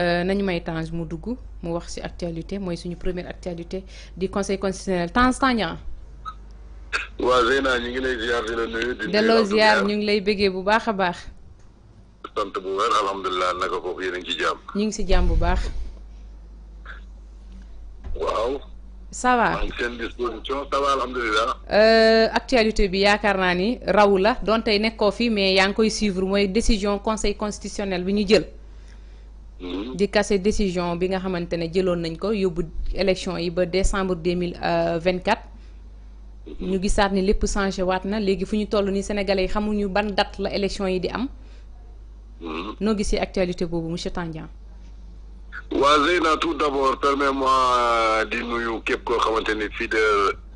Euh, nañu may Tange mu dugg mu wax ci actualité mooy suñu première actualité di conseil constitutionnel Tange Tandian. waaw Zeyna ñu ngi lay ziar di la nuyu. di delloo ziar ñu ngi lay bëggee bu baax a baax. sant bu wér alhamdulilah naka foofu yéen a ngi ci jàmm. ñu ngi ci jàmm bu baax. waaw. ça va seen disposition ça va alhamdulilah. Euh, actualité bi yaakaar naa ni raw la doon tey nekkoo fi mais yaa ngi koy suivre mooy décision conseil constitutionnel bi ñu jël. Mm-hmm. di kase décision bi nga xamante ne jëloon nañ ko yóbbu élection yi ba décembre deux mille euh, vingt quatre mm-hmm. ñu gisaat ni lépp changé waat na léegi fu ñu toll ni sénégalais yi xamuñu ban date la élection yi di am mm-hmm. noo gisee actualité boobu monsieur Tandian waa Zeyna tout d'abord permets-moi euh, di nuyu képp koo xamante ni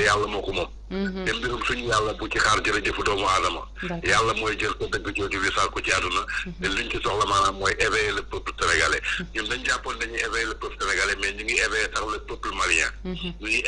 te yàlla moo ko moom. Mhm. te mbirum suñu yàlla bu ci xaar jërëjëfu doomu aadama. yàlla mooy jël ko dëgg jooju wisaal ko ci àdduna. Mhm. te luñ ci soxla maanaam mooy a le peuple sénégalais. Mhm. ñun dañ jàppoon dañuy éveiller le peuple sénégalais mais ñu ngi éveiller sax le peuple malien. ñu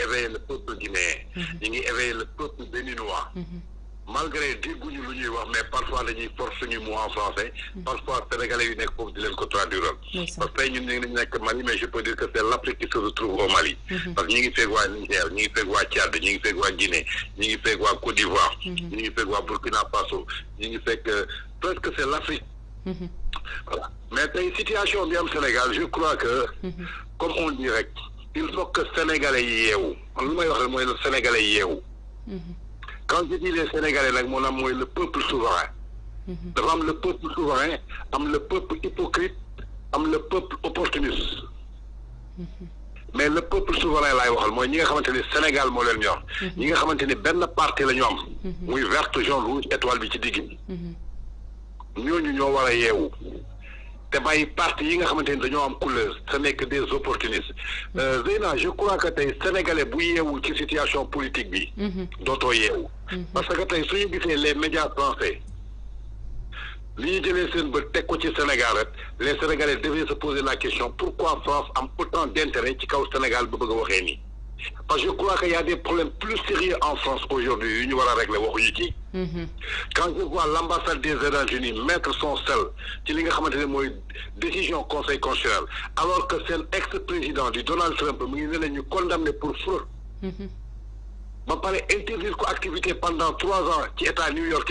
malgré dégguñu nous ñuy wax mais parfois les force suñu mot en français mm. parfois sénégalais yu nekk foofu di leen ko traduire parce que nous, n'avons ngi nekk Mali mais je peux dire que c'est l'Afrique qui se retrouve au Mali mm-hmm. parce que nous, ngi feeg waa Niger nous ngi feeg Tchad nous ngi feeg Guinée nous ngi feeg Côte d'Ivoire nous mm-hmm. ngi feeg Burkina Faso ñi ngi feeg euh, presque c'est l'Afrique mm-hmm. Mais mais une situation bi am Sénégal je crois que comme on dit rek il faut que sénégalais y aient où lu may wax le sénégalais aient où quand je dis les Sénégalais là, mon le peuple souverain. Mhm. le peuple souverain am le peuple hypocrite le peuple opportuniste. Mhm. mais le peuple souverain là, waxal nous ñi nga Sénégal nous leen ñor. Mhm. ñi nga Il la partie jaune rouge étoile bi ci ñoo de bay parti yi nga xamanteni ni dañoo am couleur te nekk des opportunistes euh, Zeyna je crois que tey sénégalais bu yeewu ci situation politique bi mhm. dootoo yeewu mhm. parce que tey suñu gisee les médias français li ñu jëlee seen bët teg ko ci Sénégal rek les sénégalais devaient se poser la question pourquoi France am autant d' intérêt ci kaw Sénégal bu bëgg waxee nii parce que je crois qu'il y a des problèmes plus sérieux en France aujourd'hui. Nous avec régler Quand je vois l'ambassade des États-Unis mettre son sel, tu l'as dit, décision Conseil constitutionnel, alors que c'est l'ex-président du Donald Trump, nous condamné pour fraude. Je mhm. parle interdire l'activité pendant trois ans qui est à New York.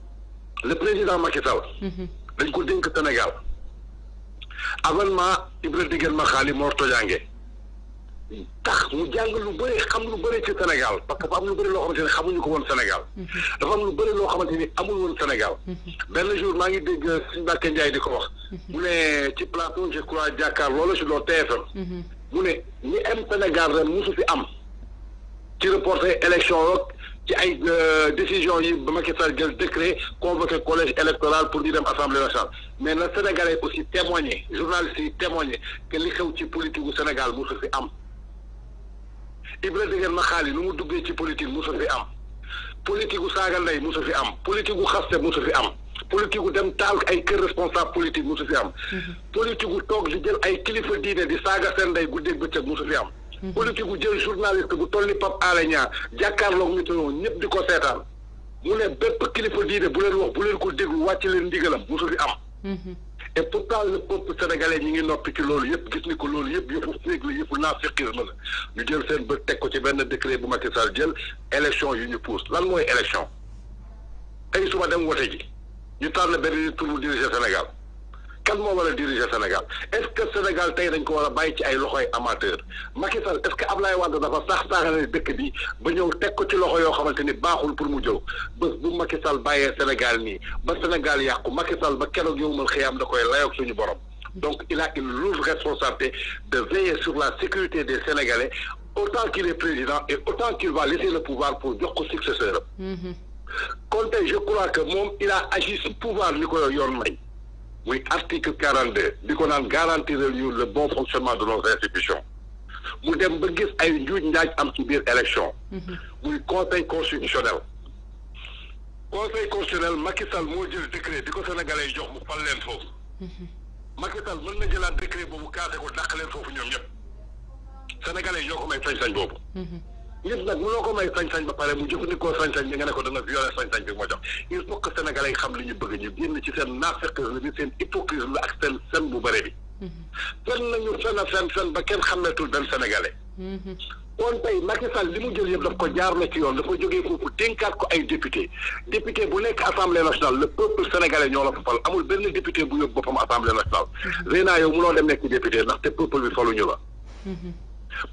le président Macky Sall. Mhm. dañ ko dénk Sénégal. avalement Ibrahima Diguène Makhali Mor Tojange. tax mu jàng lu bëri xam lu bëri ci Sénégal parce que dafa am lu bëri loo xamante ni xamuñu ko woon Sénégal. Mhm. dafa am lu bëri loo xamante ni amul woon Sénégal. Mhm. benn jour maa ngi dégg suñu Mbacke Ndiaye di ko wax. mu ne ci plateau je crois jàkkaarloo la si doon TFM. mu ne ñi am Sénégal ren musu fi am. ci reporté élection roog ci ay euh, décision yi ba Macky Sall jël décret convoqué collège électoral pour ñu dem assemblée nationale mais na sénégalais aussi témoigner journalistes yi témoigner que li xew ci politique gu Sénégal mosu fi am Ibra Deguène Makhaly nu mu duggee ci politique mosu fi am politique gu saaga ndey mosu fi am politique gu xaste mosu fi am politique gu dem taal ay kër responsable politique mosu fi am mhm. politique gu toog di jël ay kilifa diine di saaga seen ndey guddeeg bëccëg mosu am Mm-hmm. politique gu jël journaliste gu toll ni Pape Alé Niang jàkkaarloog ñu toog ñëpp di ko seetaan mu ne bépp kilifa diine bu leen wax bu leen ko déglu wàcc leen ndigalam mosu fi am. Mm-hmm. et pourtant le peuple sénégalais ñi ngi noppi ci loolu yëpp gis ni ko loolu yëpp yëpp féeg la yëpp naafiqisme la ñu jël seen bët teg ko ci benn décret bu Macky Sall jël élection yu ñu pousse lan mooy élection tey suba dem wote ji ñu tànn benn nit pour mu Sénégal. kan moo war a diriger Sénégal est-ce que Sénégal tey dañ ko war a bàyyi ci ay loxoy amateur Macky Sall est-ce que Ablaye Wade dafa sax saaxale dëkk bi ba ñëw teg ko ci loxo yoo xamante ni baaxul pour mu jëw bés bu Macky Sall bàyyee Sénégal nii ba Sénégal yàqu Macky Sall ba keroog yowmal xiyaam da koy layoog suñu borom donc il a une lourde responsabilité de veiller sur la sécurité des Sénégalais autant qu'il est président et autant qu'il va laisser le pouvoir pour jox ko successeur am. Conte mm-hmm. je crois que moom il a agi si pouvoir li ko yoon may. Oui, article 42 nous qu'on garanti le bon fonctionnement de nos institutions Nous dem ba ay élection mhm. conseil constitutionnel conseil constitutionnel Macky Sall le décret sénégalais jox vous mhm. Macky Sall le décret que ko avez sénégalais je vous sañ nit nag mënoo ko may sañ-sañ ba pare mu jëfandikoo sañ-sañ bi nga ne ko danga fi yore sañ-sañ bi ma jox il faut que yi xam li ñu bëgg ñu génn ci seen naafeqisme bi seen hypocrisme ak seen fen bu bëri bi mhm. fen nañu fen a fen fen ba kenn xàmmeetul benn sénégalais mhm. kon tey Macky li mu jël yëpp daf ko jaar na ci yoon dafa jógee foofu dénkaat ko ay député député bu nekk assemblée nationale le peuple sénégalais ñoo la fa fal amul benn député bu yóbbu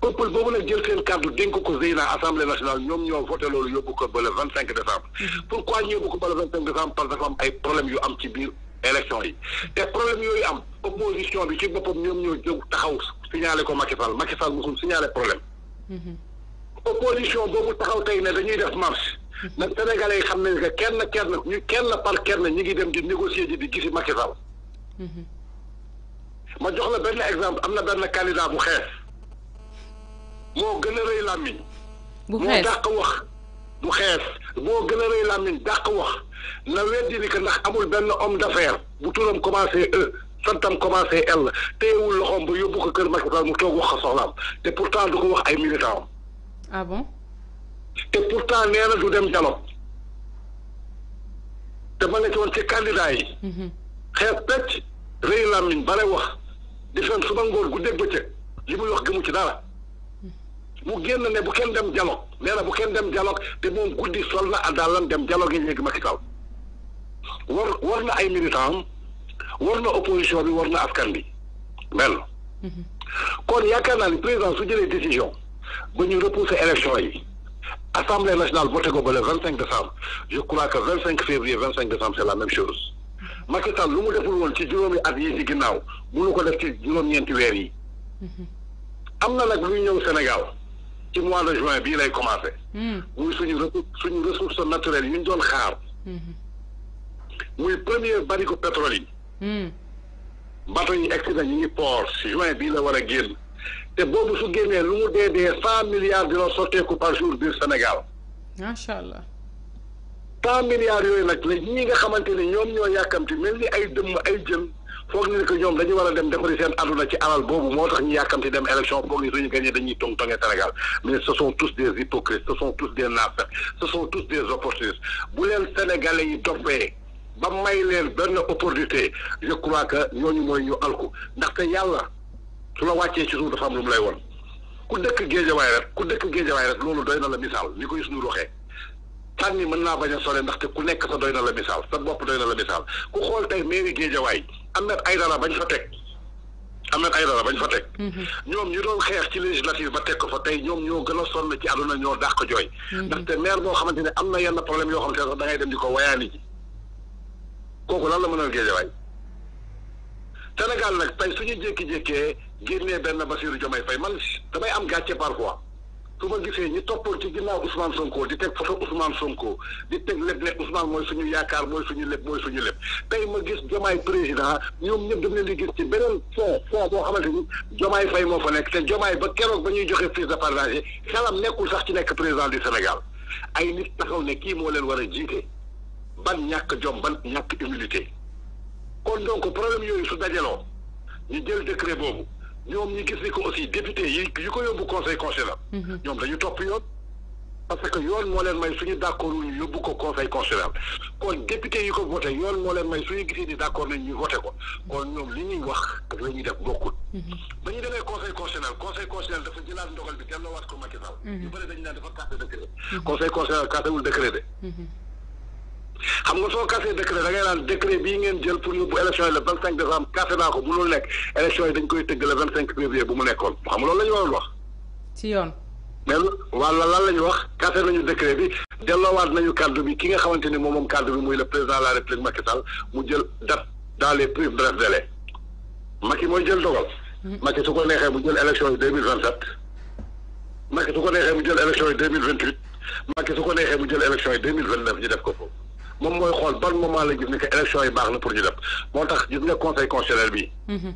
peuple boobu nag jël seen cadre dénk ko Zeyna assemblée nationale ñom ñoo voté lolu yóbbu ko ba le vingt décembre. Mhm. pourquoi ñu yóbbu ko ba le vingt décembre parce que am ay problème yu am ci biir élection yi té problème yoyu am opposition bi ci bopam ñom ñoo jóg taxaw signaler ko Macky Sall Macky Sall mosul signaler problème. Mhm. opposition boobu taxaw tay né dañuy def marche. Mhm. nag sénégalais xam nañ que kenn kenn ñu kenn par kenn ñi ngi dem di négocier ji di gisi Macky Sall. ma jox la benn exemple am na benn candidat bu xees. moo gën a rëy làmmiñ moo dàq wax bu xees moo gën a rëy làmmiñ dàq wax na weddi ni que ndax amul benn homme d'affaires bu turam commencé e santam commencé L téyewul loxoom ba yóbbu ko kër Macky Sall mu toog wax ko soxlaam te pourtant du ko wax ay militant ah bon te pourtant nee na du dem dialogue te ma nekk woon ci candidat yi xees pecc rëy làmmiñ bare wax di fen suba ngoon guddeeg bëccëg li muy wax gëmu ci dara mu génn ne bu kenn dem dialogue nee bu kenn dem dialogue te moom guddi sol na àddaalam dem dialogue yi léegi Macky Sall war war na ay militant war na opposition bi war na askan bi benn mhm. kon yaakaar naa ni président su jëlee décision ba ñu repousser élection yi assemblée nationale voté ko ba le vingt cinq décembre je crois que vingt cinq février vingt cinq décembre c' est la même chose mhm. Macky lu mu deful woon ci juróomi at yi ci ginnaaw mënu ko def ci juróom-ñeenti weer yi mhm. am na nag luy ñëw Sénégal ci mois de juin bii lay commencé. Hmm. muy suñu suñu ressource naturelle ñu doon xaar. Hmm. muy premier barigo pétrole yi. Hmm. bato yi egsi na ñu ngi port juin bii la war a génn te boobu su génnee lu mu dee dee cent milliards dina sotteeku par jour biir Sénégal. macha allah. cent milliards yooyu la ñi nga xamante ne ñoom ñoo yàkkamti mel ni ay dëmm ay jën. foog ni que ñoom dañu war a dem defari seen àdduna ci alal boobu moo tax ñu yàkkamti dem élection foog ni suñu gagné dañuy tong tonge Sénégal mais ce sont tous des hypocrites ce sont tous des naafeq ce sont tous des opportunistes bu leen sénégalais yi toppee ba may leen benn opportunité je crois que ñooñu mooy ñu alku ndaxte yàlla su la wàccee ci suuf dafa am lu mu lay woon ku dëkk géejawaay rek ku dëkk géejawaay rek loolu doy na la misaal ni koy Youssou Ndour waxee tànn mën naa bañ a sore ndaxte ku nekk sa doy na la misaal sa bopp doy na la misaal ku xool tey mairie Géejawaay Ahmed Aïdara bañ fa teg Ahmed Aïdara bañ fa teg. Mhm. ñoom ñu doon xeex ci législative ba teg ko fa tey ñoom ñoo gën a sonn ci àdduna ñoo dàq jooy. Mhm. ndaxte maire boo xamante ne am na yenn problème yoo xamante ne sax da ngay dem di ko wayaani ji kooku lan la a Géejawaay Sénégal nag tey suñu jékki-jékkee génnee benn Bassirou Diomaye Faye man damay am gàcce parfois. su ma gisee ñu toppoon ci ginnaaw Ousmane Sonko di teg photo Ousmane Sonko di teg lépp ne Ousmane mooy suñu yaakaar mooy suñu lépp mooy suñu lépp tey ma gis Jomaay président ñoom ñëpp dama leen di gis ci beneen fond fond boo xamante ni Jomaay Faye moo fa nekk te Jomaay ba keroog ba ñuy joxe prise de partage xelam nekkul sax ci nekk président di Sénégal ay nit taxaw ne kii moo leen war a jiite ban ñàkk jom ban ñàkk humilité kon donc problème yooyu su dajaloo ñu jël décret boobu. ñoom ñi gis ni ko aussi député yi yu ko yóbbu conseil constitutionnel. Mhm. ñoom dañu topp yoon. parce que yoon moo leen may suñu d'accord ñu yóbbu ko conseil constitutionnel kon député yi ko voté yoon moo leen may suñu gisee ni d'accord nañ ñu ko kon ñoom li ñuy wax ak la def bokkul. Mhm. ba demee conseil constitutionnel conseil dafa jëlaat ndogal bi delloowaat ko Macky Sall. Mhm. ñu bëri dañu naan dafa casser décret. conseil constitutionnel casserwul de. xam nga soo casé décret da ngay naan décret bii ngeen jël pour yóbbu élection yi le vingt cinq décembre casé naa ko mënul nekk élection yi dañ koy tëgg le vingt cinq février bu mu nekkoon xam nga loolu la ñu waroon wax. ci yoon. mais wala lan la ñu wax casé nañu décret bi delloowaat nañu kàddu bi ki nga xamante ni moom moom kàddu bi muy le président de la république Macky Sall mu jël date dans les plus brefs délais Macky mooy jël dogal. Macky su ko neexee mu jël élection yi deux mille vingt sept. Macky su ko neexee mu jël élection yi deux mille vingt huit Macky su ko neexee mu jël élection yi deux mille vingt neuf ñu def ko foofu. moom mooy xool ban moment la gis ni que élection yi baax na pour ñu dem moo tax gis nga conseil constitutionnel bi. Mhm.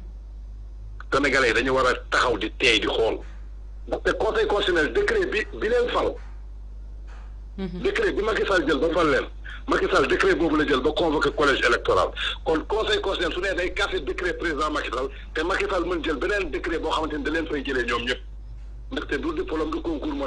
Sénégalais yi dañu war a taxaw di teey di xool. ndaxte conseil constitutionnel décret bi bi leen fal. Mhm. décret bi Macky Sall jël ba fal leen Macky Sall boobu la jël ba convoqué collège électoral kon conseil constitutionnel su nee day casser décret président Macky te Macky mën jël beneen décret boo xamante ni da leen fay jëlee ñoom ñëpp ndaxte du diplôme du concours moo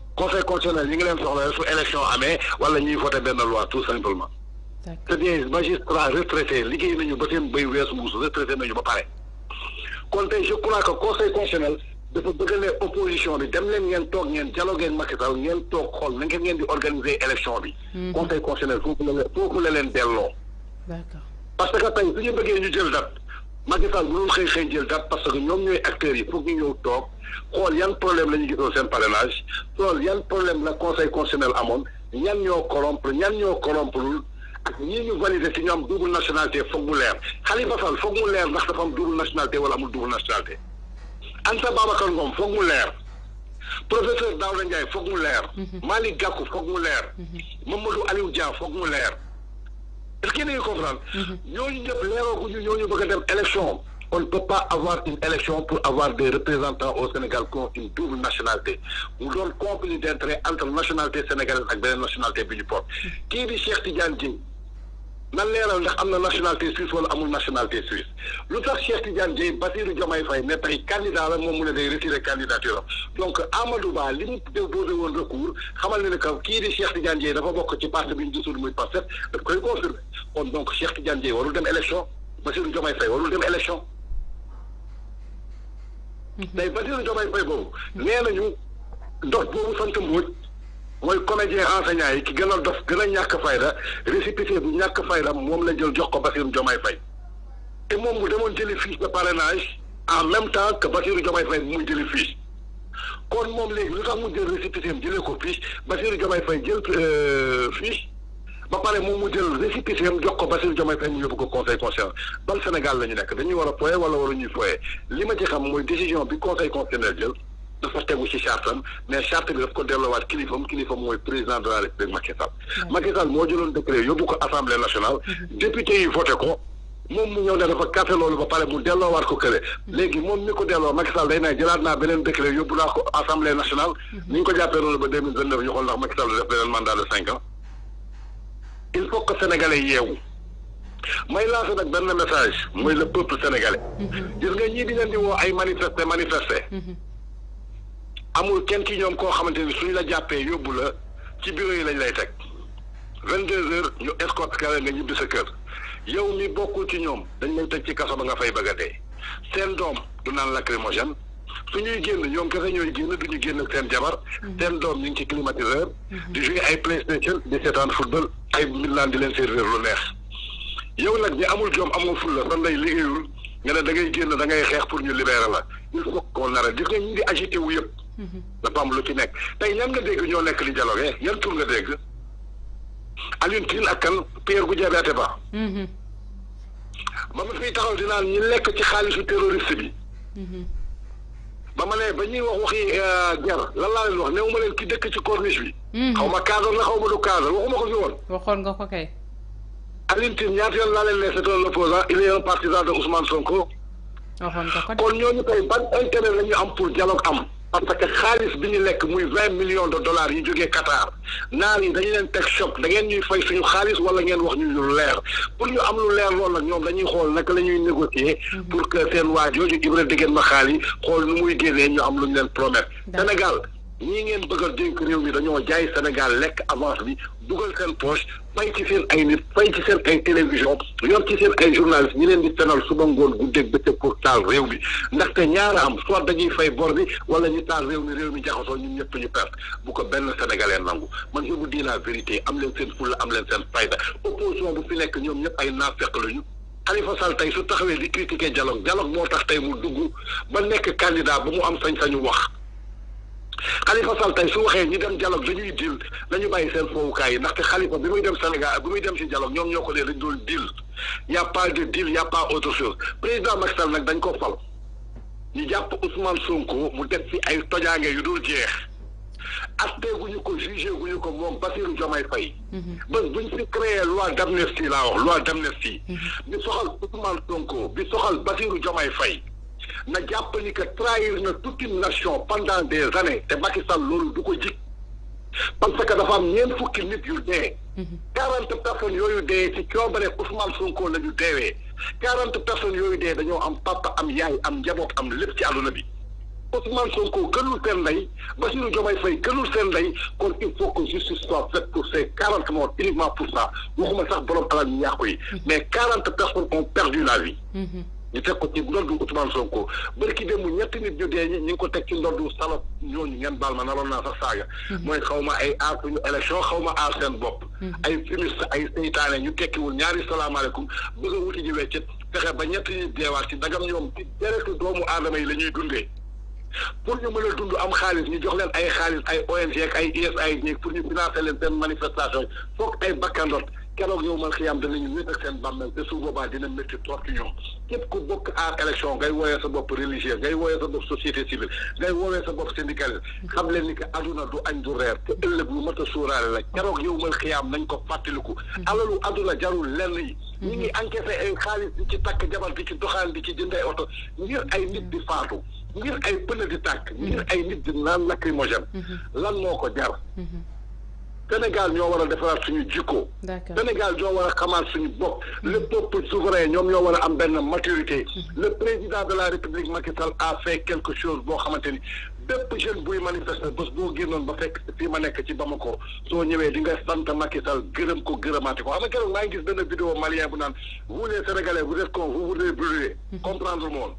conseil constitutionnel ñu ngi leen soxla su élection amee wala ñuy voté benn loi tout simplement. c'est bien magistrat retraité liggéey nañu ba seen béy weesu muus retraité nañu ba pare. kon tey je crois conseil dafa bëgg ne opposition bi dem leen ngeen toog ngeen dialogue ngeen Macky Sall ngeen toog xool na ngeen di organiser élection bi. Hmm. conseil constitutionnel foofu la leen foofu la leen delloo. parce que tey su ñu bëggee ñu jël date. Macky Sall mënul xëy xëy jël date parce que ñoom ñooy acteurs yi foog ñu ñëw toog xool yan problème la ñu gisoon seen parrainage xool yan problème la conseil constitutionnel amoon ñan ñoo corrompre ñan ñoo corromprul ak ñii ñu validé ci ñu am double nationalité foog mu leer Khalifa Sall foog mu leer ndax dafa am double nationalité wala amul double nationalité Anta Babacar Ngom foog mu leer professeur Daouda Ndiaye foog mu leer mhm. Malick Gakou foog mu leer mhm. Mamadou Aliou Dia foog mu leer est-ce que vous comprenez Nous, nous avons une élection. On ne peut pas avoir une élection pour avoir des représentants au Sénégal qui ont une double nationalité. Nous avons un conflit d'intérêts entre nationalité sénégalaise et la nationalité du Qui dit Cheikh Tidjane nan leeral ndax am na nationalité suisse wala amul nationalité suisse lu tax Cheikh Tidiane Dièye Bassirou Diomaye Faye ne tey candidat la moom mu ne day retiré candidature am donc Amadou Ba li mu déposé woon recours xamal ne ne que kii di Cheikh Tidiane Dièye dafa bokk ci parti bi ñu gisul muy Pastef daf koy confirmé kon donc Cheikh Tidiane Dièye warul dem élection Bassirou Diomaye Faye warul dem élection. Mhm. tey Bassirou Diomaye Faye boobu nee nañu ndox boobu sant Mbodj. mooy comédien enseignant yi ki gën a dof gën a ñàkk fayda récépissé bu ñàkk fayda moom la jël jox ko Bassirou Diomaye Faye te moom bu demoon jëli fiche de parrainage en même temps que Bassirou Diomaye Faye muy jëli fiche kon moom léegi lu tax mu jël récépissé am jëlee ko fiche Bassirou Diomaye Faye jël euh, fiche ba pare moom mu jël récépissé am jox ko Bassirou Diomaye Faye mu yóbbu ko conseil constitutionnel ban Sénégal la ñu nekk dañuy war a foye wala waruñuy foye li ma ci xam mooy décision bi conseil constitutionnel jël dafa tegu ci chartam mais charte bi daf ko delloowaat kilifam kilifam mooy président de la république Macky Sall. Macky Sall moo jëloon décret yóbbu ko assemblée nationale. Mhm. député yi voté ko. moom mu ñëw ne dafa kàtte loolu ba pare mu delloowaat ko kële. Mhm. léegi moom mi ko delloo Macky Sall day naa jëlaat naa beneen décret yóbbu naa ko assemblée nationale. Mhm. ni ñu ko jàppee noonu ba deux mille vingt neuf ñu xool ndax Macky Sall beneen mandat de cinq ans. il faut que benn message mooy le peuple sénégalais. gis nga ñii di leen di woo ay manifester manifester. amul kenn ci ñoom koo xamante ni suñ la jàppee yóbbu la ci bureau yi lañ lay teg vingt deux heures ñu escorte ka nga ñibbi sa kër yow mi bokkul ci ñoom dañ lay teg ci kaso ba nga fay bëgg a dee seen doom du naan lacrymogène su ñuy génn ñoom kese ñooy génn du génn seen jabar mm-hmm. seen doom ñu ngi ci climatiseur mm-hmm. di jouer ay playstation di seetaan football ay milan di leen servir lu neex yow nag ñi amul jom amul fulla fan lay liggéeyul nga ne da ngay génn da ngay xeex pour ñu libérer la il faut qu'on arrête gis nga ñi di wu yëpp Mm-hmm. dafa am lu ci nekk tay ñan nga dégg ñoo lekk li e yan tur nga dégg Alioune Tine ak kan Pierre Goudiaby Atepa mm-hmm. ba ma fiy taxaw di naan ñi lekk ci xaalisu terroriste bi mm-hmm. ba ma ne ba ñuy wax waxi euh, ger lan laa leen wax néew ma leen ki dëkk ci corniche bi xaw ma cadre la xaw ma du cadre waxuma ko fi woon waxoon nga ko kay Alioune Tine ñaata yoon laa leen ne c'est un opposant a est un partisan de Ousmane Sonko waxoon nga ko kon ñooñu tey ban intérêt la am parce que xaalis bi ñu lekk muy vingt millions de dollars yi jógee Qatar naar yi dañu leen teg choc da ngeen ñuy fay suñu xaalis wala ngeen wax ñu lu leer pour ñu am lu leer loolu nag ñoom dañuy xool naka la ñuy négocier pour que seen waa jooju Ibra Degen ma xaal yi xool nu muy génnee ñu am lu ñu leen promettre Sénégal ñii ngeen bëgg a dénk réew mi dañoo jaay Sénégal lekk avance bi dugal seen poche fay ci seen ay nit fay ci seen ay télévision yor ci seen ay journaliste ñi leen di fenal suba ngoon guddeeg bëccëg pour taal réew mi ndaxte ñaara am su soit dañuy fay bor bi wala ñu taal réew mi réew mi jaxasoo ñun ñëpp ñu perte bu ko benn sénégalais nangu man je vous dis la vérité am leen seen fulla am leen seen fayda opposition bu fi nekk ñoom ñëpp ay naafeq lañu Khalifa Sall tey su taxawee di critiquer dialogue dialogue moo tax tey mu dugg ba nekk candidat ba mu am sañ-sañu wax Khalifa Sall tey su waxee ñi dem dialogue dañuy dil nañu bàyyi seen fowukaay yi ndaxte Khalifa bi muy dem Sénégal bi muy dem si dialogue ñoom ñoo ko ne dañ doon dil y' a pas de deal y' a pas autre chose président Macky Sall nag dañ ko fal ñu jàpp Ousmane Sonko mu def fi ay tojaange yu dul jeex atte guñu ko jugé guñu ko moom Bassirou Diomaye Faye mhm. bés buñ fi créé loi d'amnistie laa wax loi d'amnistie mhm. bi soxal Ousmane Sonko bi soxal Bassirou Diomaye Faye na jàpp ni que trahir na toute une nation pendant des années te Macky Sall loolu du ko jig parce que dafa am ñeen fukki nit yu dé 40 mhm. personnes yoyu dé ci coobare Ousmane Sonko la ñu deewee 40 personnes yoyu dé dañu am papa am yaay am njaboot am lepp ci àdduna bi. Ousmane Sonko gënul seen ndey Bassirou Diomaye Faye gënul sen lay kon il faut que justice soit faite pour ces 40 morts uniquement pour ça waxuma sax borom alal ñaax ko yi mhm. mais 40 personnes ont perdu la vie. Mhm. ñu teg ko ci ndoddu Ousmane Sonko bari ki démb ñetti nit ñu dee ñi ngi ko teg ci ndoddu salop ñooñu ngeen baal ma naroon naa sax saaga. Mhm. mooy xaw ma ay aar suñu élection xaw ma aar seen bopp. Mhm. ay fumiste ay seytaane ñu tekkiwul ñaari salaamaaleykum bëgg a wuti ji weccet fexe ba ñetti nit deewaat ci dagam ñoom ci deretu doomu aadama yi la ñuy dundee. pour ñu mën a dund am xaalis ñu jox leen ay xaalis ay ONG ak ay USAID pour ñu financer leen seen manifestation foog ay bakkan keroog yow man xiyaam danañu wéet ak seen bàmmeel te su boobaa dina métti trop ci ñoom képp ku bokk aar élection ngay woowee sa bopp religieux ngay woowee sa bopp société civile ngay woowee sa bopp syndicaliste xam leen ni que aduna du añ du reer te ëllëg lu mat a la keroog yow xiyaam nañ ko fàttaliku alalu aduna jarul lenn yi ñi ngi encaissé ay xaalis ci takk jabar di ci doxaan di ci jënd ay oto ngir ay nit di faatu ngir ay pëna di tàkk ngir mm-hmm. ko jar mm-hmm. Sénégal ñoo war a suñu jikko. Sénégal ñoo war a suñu bopp. le peuple souverain ñom ñoo war am benn maturité. le président de la république Macky Sall a fait quelque chose bo xamanteni ni bépp jeune buy manifester bés boo génnoon ba fekk fii ma nekk ci Bamako soo ñëwee di nga sant Macky Sall gërëm ko gërëmaati ko xam nga keroog maa ngi gis benn vidéo malien bu naan vous les sénégalais vous êtes con vous voulez brûler. Hmm. comprendre lu woon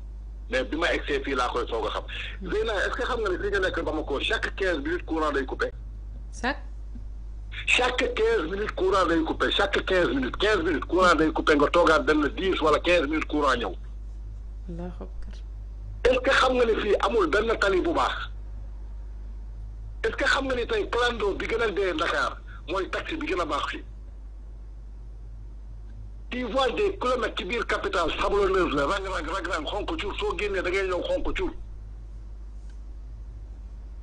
mais bi ma egsee fii laa koy soog a xam. Hmm. Zeyna est-ce que xam nga ne fii nga nekk Bamako chaque quinze minutes courant day coupé. chaque chaque quinze minutes courant day coupé chaque quinze minutes quinze minutes courant day coupé nga toogaat benn dix wala quinze minutes courant ñëw. est-ce que xam nga ni fii amul benn tali bu baax est-ce que xam nga ni tey plan d'eau bi gën a dee Dakar mooy taxi bi gën a baax fii. tu vois des kilomètres ci biir capitale sablonneuse la rang rang rang rang xonk cuur soo génnee da ngay ñëw xonk cuur.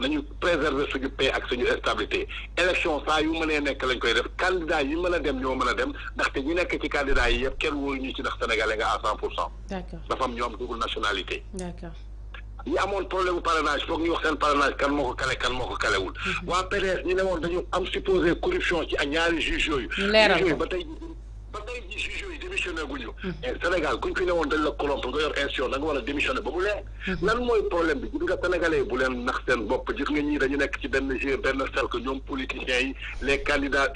nañu préserver suñu paix ak suñu stabilité élection saa yu mënee nekk lañ koy def candidat yi mën a dem ñoo mën a dem ndaxte ñu nekk ci candidat yi yëpp kenn wóolu ñu ci ndax sénégalais nga à cent pour cent dafa am ñoo am double nationalité ñi amoon problème bu foog ñu wax seen kan moo ko kale kan moo ko kalewul mhm. waa PDS ñu ne woon dañu am supposé corruption ci a ñaari juge yooyu juge yooyu ba tey démissionné guñu mm-hmm. Sénégal fi la nga yor da nga ba mm-hmm. problème bi sénégalais bu nax nga dañu nekk ci politiciens yi les candidats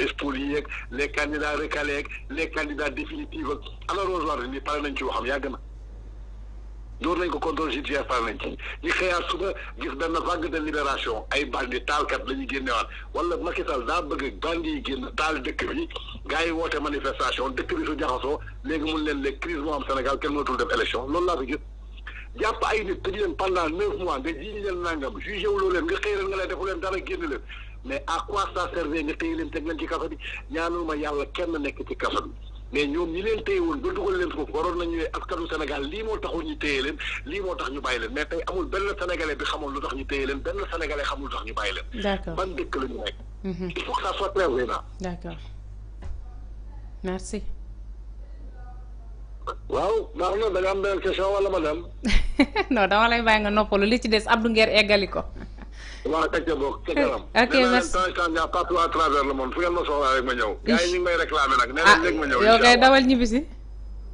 les candidats recalés les candidats définitifs alors nañ ci waxam door nañ ko contrôle judiciaire parlementaire ñu xëyaat suba gis benn vague de libération ay bandi taalkat la ñu génnewaat wala Macky Sall daa bëgg bandi yi génn taal dëkk bi gars yi woote manifestation dëkk bi su jaxasoo léegi mun leen léegi crise moo am Sénégal kenn mënatul def élection loolu laa fi gis jàpp ay nit tëj leen pendant neuf mois nga ji ñu leen nangam jugé wuloo leen nga xëy leen nga leen defu leen dara génn leen mais à quoi ça servait nga téye leen teg leen ci kaso bi ñaanul ma yàlla kenn nekk ci kaso bi mais ñoom ñi leen téye woon ba dugal leen foofu waroon nañu ne askanu Sénégal lii moo taxoon ñu téye leen lii moo tax ñu bàyyi leen mais tey amul benn sénégalais bi xamul lu tax ñu téye leen benn sénégalais xamul tax ñu bàyyi leen. d'accord ban dëkk la ñu nekk. Mhm. il faut que ça soit clair Zeyna. d'accord merci. waaw baax na da nga am benn question wala ma dem. non dama lay bàyyi nga noppalu li ci des Abdou Nguer eggali ko. waaw kàcce boog ca kanam. ok merci nee naa leen partout à travers le monde fu ngeen ma ma ñëw. gars yi ñu ngi may réclamer nag. nee nañ rek ma ñëw ah, yow kay dawal ñibbisi.